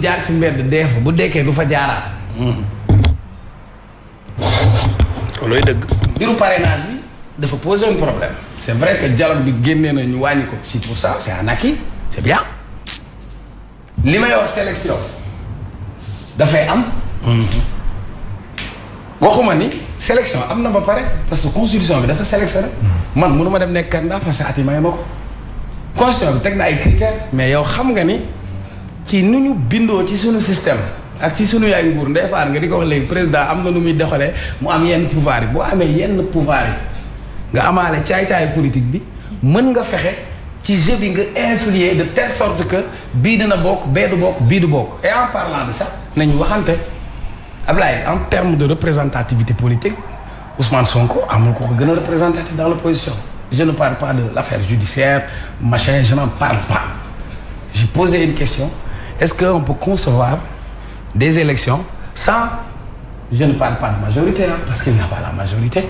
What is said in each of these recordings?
jaar ci mbedd dee fa bu dekkee du fa jaaraat. loolooy dëgg. mbiru parrainage bi dafa poser un problème. c' est vrai que dialogue bi génnee na ñu wàññi ko six pour cent c' est un acquis bien. li may wax sélection dafay am. waxuma ni sélection am na ba pare parce que constitution bi dafa sélectionné man mënu ma dem nekk candidat parce que at yi ko constitution bi teg na ay critères mais yow xam nga ni. ci nu ñu bindoo ci suñu système ak ci sunu yaay nguur ndey faar nga di ko wax léegi président am na nu muy doxale mu am yenn pouvoir yi boo amee yenn pouvoir yi nga amaale caay-caay politique bi mën nga fexe ci jeu bi nga influer de telle sorte que bii dina bokk bee bokk bii du bokk et en parlant de ça nañu waxante Ablaye en terme de représentativité politique Ousmane Sonko amul ko ko gën a représentatif dans l'opposition je ne parle pas de l'affaire judiciaire machin je n'en parle pas question est-ce qu'on peut concevoir des élections sans je ne parle pas de majorité parce qu'il n'a pas la majorité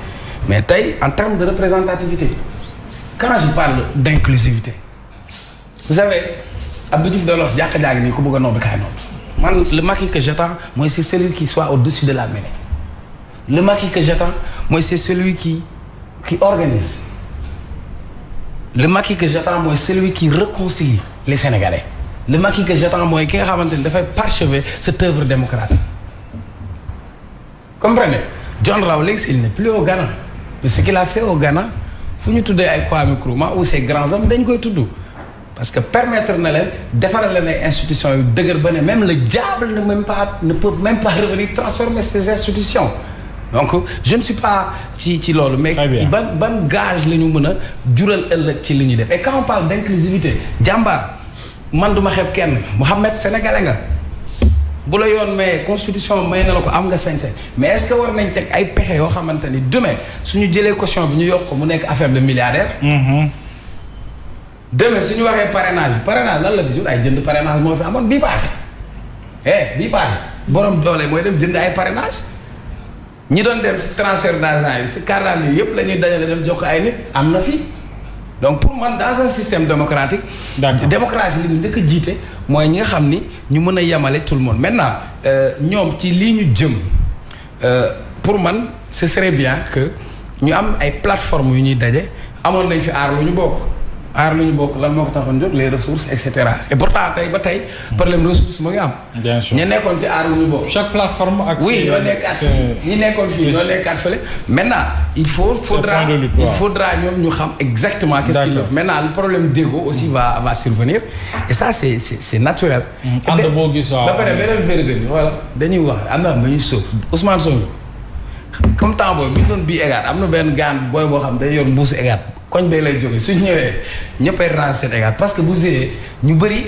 mais tey en termes de représentativité quand je parle d'inclusivité vous savez Abdou Diouf Delors jàkka jaa ngi nii ku bëgg a nobbi kaay nobbi man le Macky que j'attends moi c'est celui qui soit au-dessus de la mêlée le Macky que j'attends moi c'est celui qui qui moi c'est celui qui réconcilie les Sénégalais le Macky que j'attends mooy ki nga xamante ni dafay parchever cette œuvre démocratique comprenez John Rawlings il n'est plus au Ghana mais ce qu'il a fait au Ghana fu ñu tuddee ay Kwame Nkrumah ou ces grands hommes dañ koy tudd parce que permettre na leen defaral leen ay institutions yu dëgër ba ne même la diable ne même pas ne peut même pas revenir transformer ces institutions donc je ne suis pas ci ci loolu mais ban ban gage la ñu mën a jural ëllëg ci li ñuy def et quand on parle d'inclusivité jàmbaar man duma xeeb kenn Mouhamed sénégalais nga bu la yoon may constitution may na la ko am nga sañ-sañ mais est-ce war nañ teg ay pexe yoo xamante ni su suñu jëlee caution bi ñu yokk mu nekk affaire de milliardaire. Mm-hmm. demain suñu waxee parrainage bi parrainage lan la fi jur ay jënd parrainage moo fi amoon bii paase. eh bii paase borom doole mooy dem jënd ay parrainage ñi doon dem ci transfert d'argent yi ci carte d'identité yëpp la ñuy dajale dem jox ko ay nit am na fi. donc pour man dans un système démocratique démocratie li ñu njëkk a jiite mooy ñi nga xam ni ñu mën a yemale tout le monde maintenant euh, ñoom ci lii ñu jëm euh, pour man ce serait bien que ñu am ay plateformes yu ñuy daje amoon nañ fi aar lu ñu bokk aar lu ñu bokk la moo ko taxoon jóg les ressources et cetera et ba tey problème ressource mu ngi am. bien nekkoon si aar lu ñu bokk. chaque plateforme ak. oui ñoo nekkaat ñi nekkoon fii ñoo nekkaat fële. maintenant il faut. faudra il faudra ñoom ñu xam exactement. d' accord qu'est-ce qu'il maintenant le problème d'ego aussi va va survenir et ça c' naturel. Mm-hmm. ànd boo gis waaw ba bi voilà dañuy wax am na dañuy sóob Ousmane comme temps boobu bi ñu doon bii egaat am na benn gaan booy boo xam day yor mbuusu egaat. koñ bee lay jógee suñ ñëwee ñëppay range seen parce que bu joué ñu bëri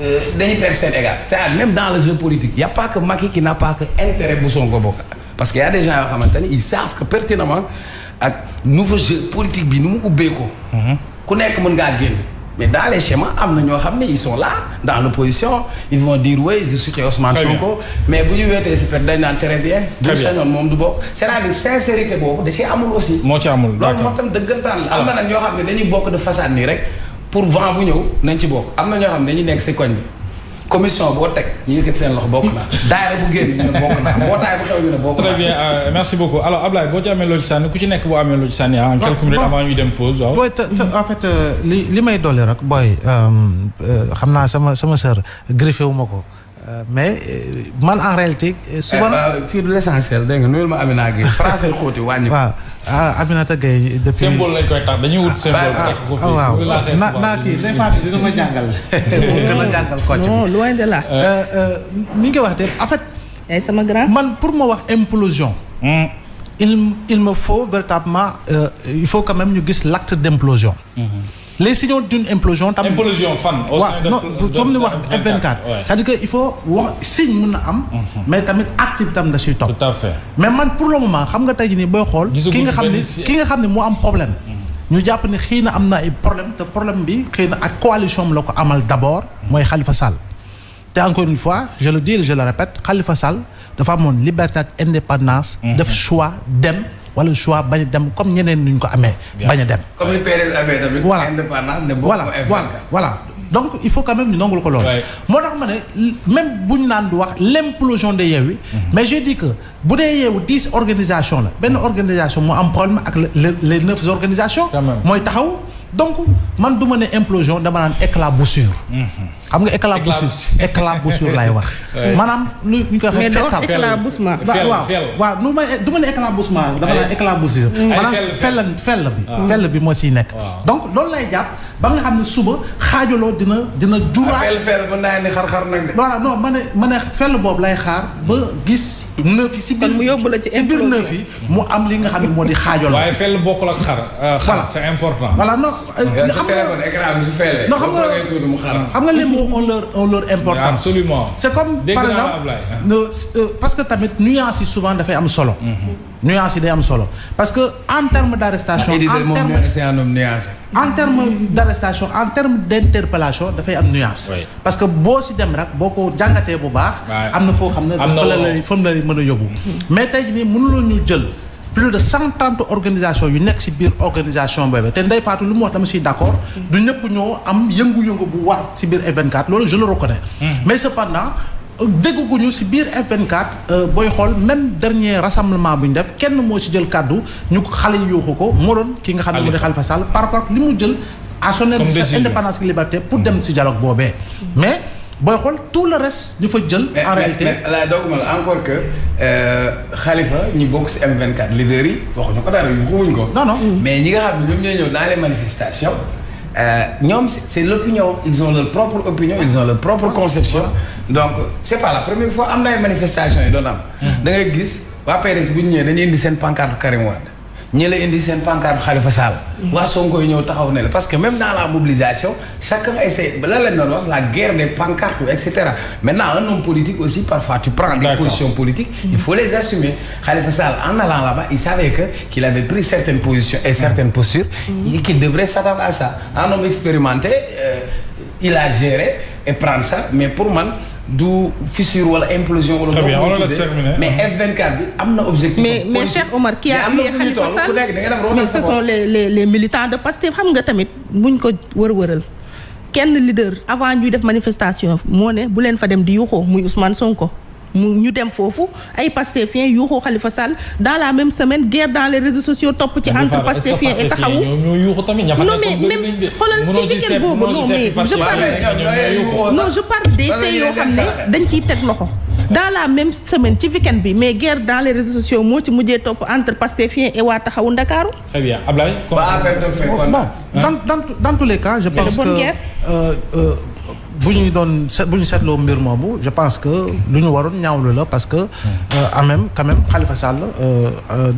euh, dañuy perdre seen égal cest à dans le jeu politique y a pas que Macky qui n'a pas que intérêt bu Sonko bokk parce que y a des yoo xamante ni ils savent que ak nouveau jeu politique bi nu mu ubbee ko mhm. ku nekk mën ngaa génn mais dans les am na ñoo xam ne ils sont là dans l'opposition ils vont dire oui je suis Ousmane Sonko mais bu ñu weetee si pet dañ naan très bien bu sañoon moom du bokk c'est-à-dire sincérité boobu da ci amul aussi moo ci amul loolu moo tam dëggantaan la am na nag ñoo xam ne dañuy bokk de façade nii rek pour vent bu ñëw nañ ci bokk am na ñoo xam ne dañuy nekk si koñ bi commission boo teg ñu yëkkati seen loxo bokk naa daayira bu génn ñu ne bokk naa mbootaay bu xew ñu ne bokk naa très bien euh, merci beaucoup alors Ablaye boo ci amee loo ci sànni ku ci nekk boo amee loo ci sànni en quelques minutes avant ñuy dem pause waaw booy en fait euh, li li may dolli rek booy euh, xam naa sama sama sœur griffé wu ma ko Euh, mais euh, man en réalité. Euh, eh, souvent fii du l' essentiel nga nuyul ma Amina Gueye français xóoti wàññi. waaw ah Aminata Gueye. depuis symbole lañ koy tax dañuy wut ah, symbole. ah waaw na naa kii day fàttali dina ma jàngal. mu gën a jàngal kocc. non loin de là. wax de en fait. Eh, sama grand. man pour ma wax implosion. Hmm. il il me faut véritablement. il faut quand même ñu gis l' acte les signaux d'une implosion. tam implosion fan. au sein de non wax f 24 que il faut wax signe na am. Mhm. mais tamit acte bi tam da ciy topp. tout à mais man pour le moment xam nga tey jii nii booy xool. ki nga xam ne ki nga xam ne moo am problème. Mhm. ñu jàpp ne xëy na am na ay problème te problème bi xëy na ak coalition am la ko amal d'abord. mooy xalifa Sall. te encore une fois je le dis et je le répète Khalifa Sall dafa amoon liberté ak indépendance. Mhm. def choix dem. wala choix bañ a dem comme ñeneen ñu ko amee. bañ a dem. comme ni PDS amee tamit. voilà indépendance ne donc il faut quand même ñu la ko loolu. moo tax ma ne même bu ñu naan du wax l'implosion de yeew Yewwi. Mhm. mais je dis que bu dee Yewwi dix organisation la benn mhm. organisation mu am problème ak le les neuf organisations. mooy taxaw. donc man du ma ne implosion dama naan éclaboussure. Mhm. xam nga éclaboussure. éclaboussure laay wax. maanaam lu ñu koy waxee. fettal mais éclaboussement. waaw waaw nu ma du fell fell bi. Ah. fell bi moo siy nekk. donc loolu lay jàpp ba nga xam ne suba xaajaloo dina dina. juraat ah, fell fell mën naa ni xar-xar nag de. voilà non ma ne ma ne fell boobu lay xaar ba gis. neuf yi si biir mu yóbbu la ci si biir neuf mu am li nga xam ne moo di xaajal. waaye fell bokkul ak xar. Euh, xar c'est important. voilà non xam nga euh, écran bi comme euh, parce que tamit nuances yi souvent dafay am solo. Mm-hmm. nuance yi day am solo parce que en terme d' arrestation. en terme en terme d' arrestation d' interpellation dafay am nuance. parce que boo si dem rek boo ko jàngatee bu baax. am na foo xam ne dafa la fa la mën a yóbbu. mais tey jii nii mënuloo ñu jël. plus de cent trente organisation yu nekk ci biir organisation boobu te Ndeye Fatou lu mu wax dama ci d'accord du ñëpp ñoo am yëngu-yëngu bu war ci biir F24 loolu je le reconnais mais dégguñu ci biir F24 euh, booy xool même dernier rassemblement bu ñu def kenn moo ci jël kàddu ñu xale yi yuuxu ko moo doon ki nga xam ne moo di Khalifa Sall par rapport li mu jël à son indépendance liberté pour dem ci dialogue boobee mais booy xool tout le reste ñu fa jël en la dooguma la encore que euh, Khalifa ñi bokk ci M24 leaders yi waxuñu ko dara yuuxuwuñu ko non non mais ñi nga xam ne ñoom ñooy ñëw dans les manifestations euh, ñoom c'est l'opinion ils ont leur propre donc c' est la première fois am na ay manifestations yi doon am. Hmm. da gis waa PDS bu ñu ñëwee dañuy indi seen pancarte Karim Wade la indi seen pancarte Khalifa Sall. Hmm. waa Sonko yi ñëw taxaw ne la parce que même dans la mobilisation chacun essaie lan lañ doon wax la guerre des pancartes et cetera maintenant un homme politique aussi parfois tu prends des positions politiques hmm. il faut les assumer Khalifa Sall en allant là-bas il savait que qu'il avait pris certaines positions et certaines postures et qu'il devrait s'attendre à ça un homme expérimenté euh, mais pour man du fissure wala implosion wala. mais F24 bi am na objectif. mais mais Cheikh Omar ki a mais ce sont les les les militants de Pastef xam nga tamit ñu ko wër-wëral. kenn leader avant ñuy def manifestation moo ne bu leen fa dem di yuuxoo muy Ousmane Sonko. mu ñu dem foofu ay pastefiens yuuxu Khalifa Sall dans la même semaine guerre dans les réseaux sociaux topp ci entre pastefiens et taxawu non mais même xoolal ci diggante boobu non mais je parle non je parle des faits yoo xam ne dañ ciy teg loxo dans la même semaine ci weekend bi mais guerre dans les réseaux sociaux moo ci mujjee topp entre pastefiens et waa taxawu Ndakaaru très bien Ablaye bon dans dans dans tous les cas je pense que bu ñuy doon bu ñu seetloo mbir moomu je pense que lu ñu waroon ñaawlu la parce que euh, en même quand même Khalifa Sall euh, euh,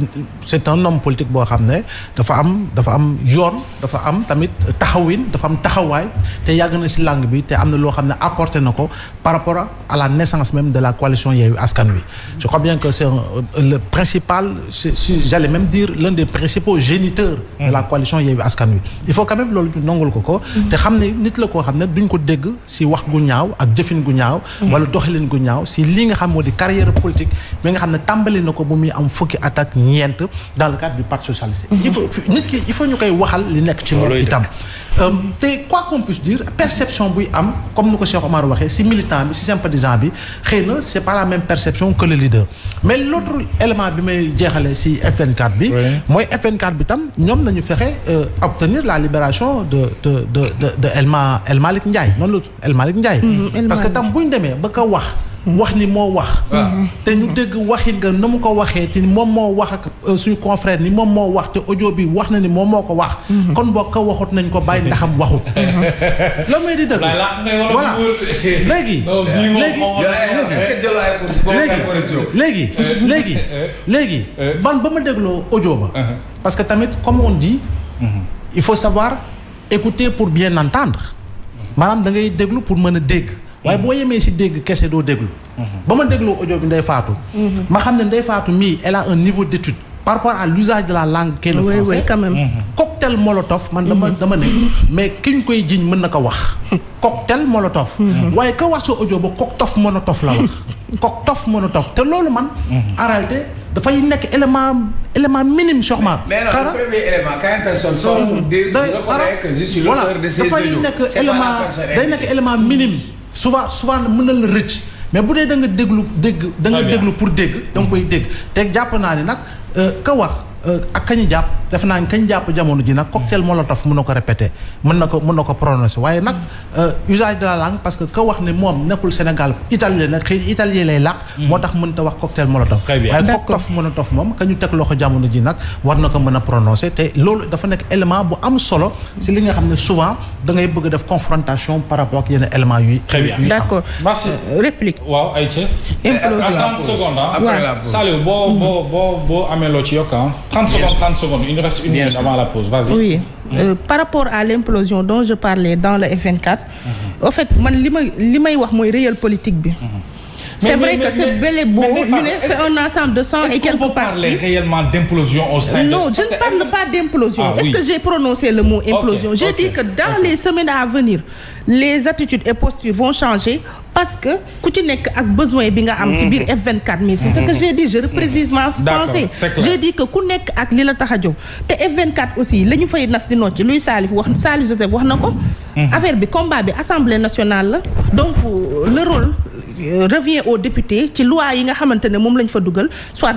c'est un homme politique boo xam ne dafa am dafa am yoon dafa am tamit taxawin dafa am taxawaay te yàgg na ci langue bi te am na loo xam ne apporté na ko par rapport a la naissance de la coalition Yewwi Askan Wi je crois bien que c'est le principal si j'allais même dire l'un des principaux géniteurs de la coalition Yewwi Askan Wi il faut quand même loolu ñu nongul ko ko mm-hmm. xam ne la koo xam ne duñ ko dégg si wax gu ñaaw ak jëfin gu ñaaw wala doxalin gu ñaaw si lii nga xam moo di carrière politique mi nga xam ne tàmbali na ko bu muy am fukki attaque ñeent dans le cadre du parti socialiste mhm. il nit ki il faut ñu koy waxal li nekk ci moom itam Euh, te quoi qu'on puisse dire perception buy am comme nu ko si Omar waxee si militant bi si sympathisant bi xëy na c'est par la même perception que le mais l'autre élément bi may jeexale si f bi mooy f bi tam ñoom nañu fexe euh, obtenir la libération de de de de de Elma El Ndiaye noonu la El Malick Ndiaye mm-hmm. parce que tam buñ demee ba ko wax wax ni moo wax. Ah. te ñu dégg waxit nga nu mu ko waxee ci moom moo wax ak euh, suñu confrère ni moom moo wax te audio bi wax na ni moom moo ko wax. Mm-hmm. kon boo ko waxut nañ ko bàyyi ndaxam waxut. Mm-hmm. la muy di dëgg. léegi. léegi léegi ba ma dégloo audio ba. Uh-huh. parce que tamit comme on dit. Mm-hmm. il faut savoir écouter pour bien entendre. maanaam da ngay déglu pour mën a dégg. waaye boo yemee si dégg kese doo déglu. Mhm. ba ma dégloo audio bi Ndeye Fatou. Mhm. ma xam ne Ndeye Fatou mii elle a un niveau d' étude par rapport à l'usage la langue. qu'est le français oui oui quand même. Mhm. cocktail molotov man dama dama ne. mais kiñ koy jiñ mën na ko wax. cocktail molotov. waaye ka wax sa audio ba cocktof monotov la wax. cocktof monotov te loolu man. en réalité dafay nekk élément élément minime sûrement. mais non le premier élément quand une personne sort pour dafay nekk élément day souvent souvent mën na la rëcc mais bu dee da nga déglu dégg da nga déglu pour dégg da koy dégg te jàpp naa ni nag euh, ka wax euh, ak kañu jàpp def naa kañ jàpp jamono ji nag cocktail molotov mën na ko répété mën na ko mën na ko prononcé waaye nag euh, usage de parce que ka wax ne moom nekkul Sénégal italien nag xëy italien lay mm. moo tax mën ta wax cocktail molotov waaye cocktail molotov moom ka ñu teg loxo jamono ji nag war na ko mën a prononcé te loolu dafa nekk élément bu am solo si li nga xam ne souvent da ngay bëgg def confrontation par rapport ak yenn élément yuy d'accord merci euh, réplique waaw Aïcha trente secondes ah Saliou boo boo boo boo amee loo ci yokk ah trente secondes nous reste une minute avant la pause vas-y. oui euh, par rapport à l'implosion dont je parlais dans le F24. en mhm. fait man li may li may wax mooy réel politique bi. Mhm. c'est vrai mais, que c'est bel et beau mais, mais, c'est -ce, un ensemble de cent et quelques parties. Est-ce qu'on peut parler réellement d'implosion au Non, je ne parle pas ah d'implosion. Est-ce que j'ai prononcé le mot implosion? j'ai dit que dans les semaines à venir, les attitudes et postures vont changer parce que ku ci nekk ak besoin bi nga am ci biir mhm. F24 mais c'est ce que mhm. j'ai dit je reprécise ma j'ai dit que ku nekk ak li la tax a jóg te F24 aussi la ñu fay nas di nocc luy Salif wax Salif Joseph wax na ko mhm. affaire bi combat bi assemblée nationale la donc le rôle revient aux députés ci loi yi nga xamante ne moom lañ fa dugal soit